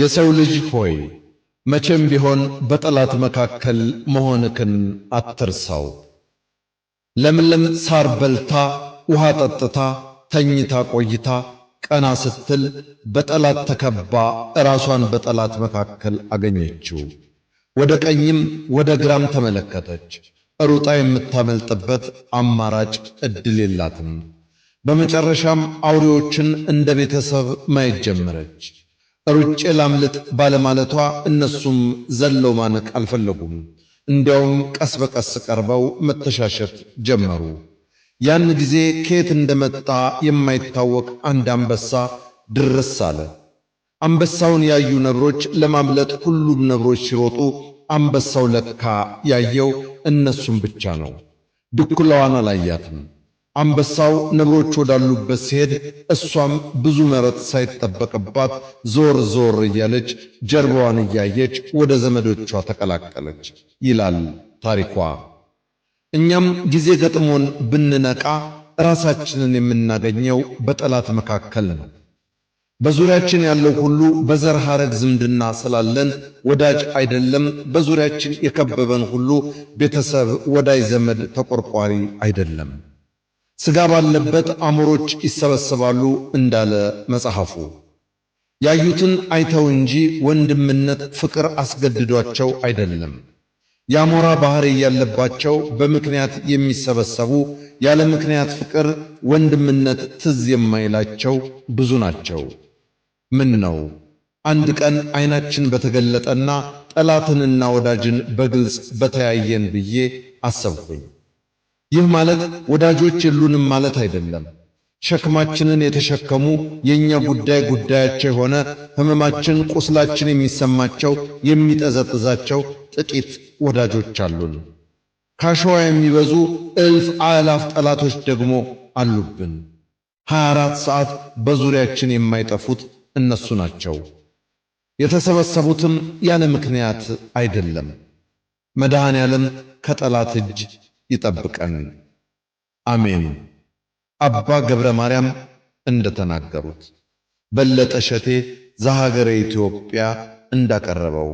የሰው ልጅ ሆይ መቼም ቢሆን በጠላት መካከል መሆንክን አትርሳው። ለምለም ሳር በልታ ውሃ ጠጥታ ተኝታ ቆይታ ቀና ስትል በጠላት ተከባ ራሷን በጠላት መካከል አገኘችው። ወደ ቀኝም ወደ ግራም ተመለከተች። ሩጣ የምታመልጥበት አማራጭ እድል የላትም። በመጨረሻም አውሬዎችን እንደ ቤተሰብ ማየት ጀመረች። ሩጭ ላምልጥ ባለማለቷ እነሱም ዘለው ማነቅ አልፈለጉም። እንዲያውም ቀስ በቀስ ቀርበው መተሻሸት ጀመሩ። ያን ጊዜ ከየት እንደመጣ የማይታወቅ አንድ አንበሳ ድረስ አለ። አንበሳውን ያዩ ነብሮች ለማምለጥ ሁሉም ነብሮች ሲሮጡ አንበሳው ለካ ያየው እነሱም ብቻ ነው። ድኩላዋን አላያትም። አንበሳው ነብሮች ወዳሉበት ሲሄድ እሷም ብዙ መረት ሳይጠበቅባት ዞር ዞር እያለች ጀርባዋን እያየች ወደ ዘመዶቿ ተቀላቀለች ይላል ታሪኳ። እኛም ጊዜ ገጥሞን ብንነቃ ራሳችንን የምናገኘው በጠላት መካከል ነው። በዙሪያችን ያለው ሁሉ በዘር ሐረግ ዝምድና ስላለን ወዳጅ አይደለም። በዙሪያችን የከበበን ሁሉ ቤተሰብ፣ ወዳጅ፣ ዘመድ ተቆርቋሪ አይደለም። ስጋ ባለበት አሞሮች ይሰበሰባሉ እንዳለ መጽሐፉ። ያዩትን አይተው እንጂ ወንድምነት ፍቅር አስገድዷቸው አይደለም። የአሞራ ባህሪ ያለባቸው በምክንያት የሚሰበሰቡ ያለ ምክንያት ፍቅር፣ ወንድምነት ትዝ የማይላቸው ብዙ ናቸው። ምን ነው አንድ ቀን አይናችን በተገለጠና ጠላትንና ወዳጅን በግልጽ በተያየን ብዬ አሰብኩኝ። ይህ ማለት ወዳጆች የሉንም ማለት አይደለም። ሸክማችንን የተሸከሙ የኛ ጉዳይ ጉዳያቸው የሆነ ሕመማችን፣ ቁስላችን የሚሰማቸው የሚጠዘጥዛቸው ጥቂት ወዳጆች አሉን። ካሸዋ የሚበዙ እልፍ አላፍ ጠላቶች ደግሞ አሉብን። 24 ሰዓት በዙሪያችን የማይጠፉት እነሱ ናቸው። የተሰበሰቡትም ያለ ምክንያት አይደለም። መድኃኔ ዓለም ከጠላት እጅ ይጠብቀን። አሜን። አባ ገብረ ማርያም እንደተናገሩት በለጠ ሸቴ ዘሀገረ ኢትዮጵያ እንዳቀረበው